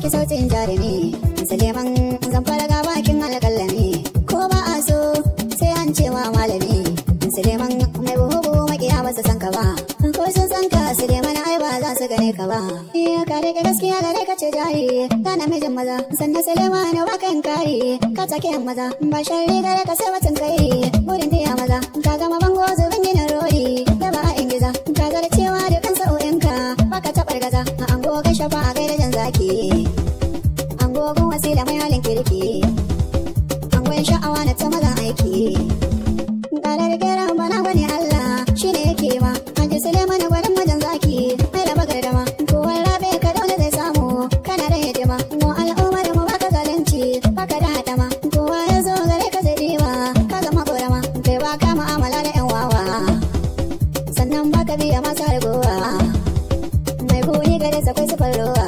saki sautin jarumi Suleiman zan fara ga bakin alƙalami ko ba a so sai an cewa malami Suleiman mai buhu buhu makiya ba su san ka ba ko sun san ka mana ai ba za su gane ka ba iya eh, ka rike gaskiya gare ka ce jari ka namijin maza sannan Suleiman ba kan kari ka take maza ba sharri gare ka sai watan kai burin tiya maza ka gama bango zubin yin rori da ba a ingiza ka cewa da kan sa'o'inka ka taɓa gaza a ango ka shafa a jan zaki ban sha'awa na ta mazan aiki ƙarar geran bana gwani Allah shi ne yake ma an ji Suleiman gwanin wajen zaki mai raba gardama kowar rabe ka dauna zai samu kana da hidima mu al'umma da mu baka zalunci baka da hadama kowa ya zo gare ka zai dima ka zama korama kai ba ka mu'amala da yan wawa sannan baka biya masa ragowa mai koyi gare sa kai rowa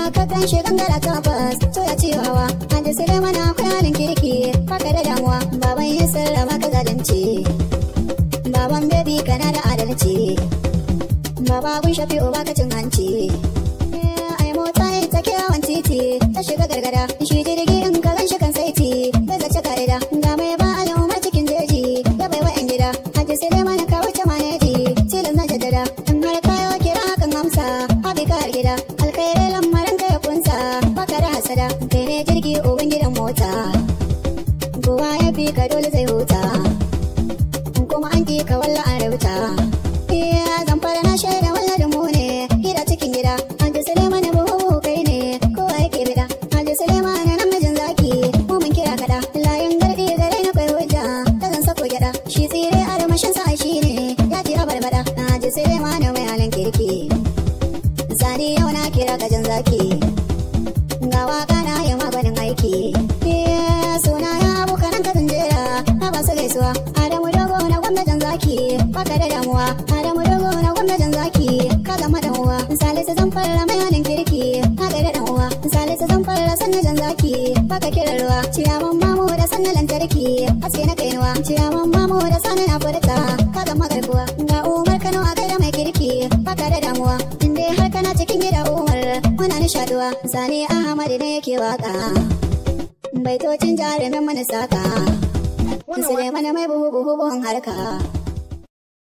kuma ka gan shi gangara tabbas to ya ci hawa an da sai mana kwanan kirki baka da damuwa baban ya sallama ka zalunci baban baby kana da adalci baba gun shafi uba ka cin hanci eh, ai mota ta kyawun titi ta shiga gargada shi jirgi sada kai ne jirgi uban gidan mota kowa ya fi ka dole zai huta kuma an ki ka walla a rauta iya zamfara na shaida walla da mu ne gida cikin gida an ji sulema ne buhu kai ne kowa ke bida an ji ne nan namijin zaki mu mun kira kada layin gardi gare na kai hujja ta zan sako gyada shi tsire a ramashin sa shi ne ya ji a barbada an ji ne mai halin kirki zani yau na kira gajin zaki zaki baka da damuwa hada mu dogo na gwamnatin zaki ka zama dan uwa sai zan fara hanin kirki baka da dan uwa sai zan fara sannan zaki baka kira ruwa ciyawan mamu da sannan lantarki haske na kainuwa ciyawan mamu da sannan afurka ka zama garkuwa ga umar kano a gaida mai kirki baka da damuwa inda har kana cikin gida umar muna nishaduwa sani ahmad ne yake waka baitocin jarumin mana saka Suleiman mai buhu buhu buhun harka.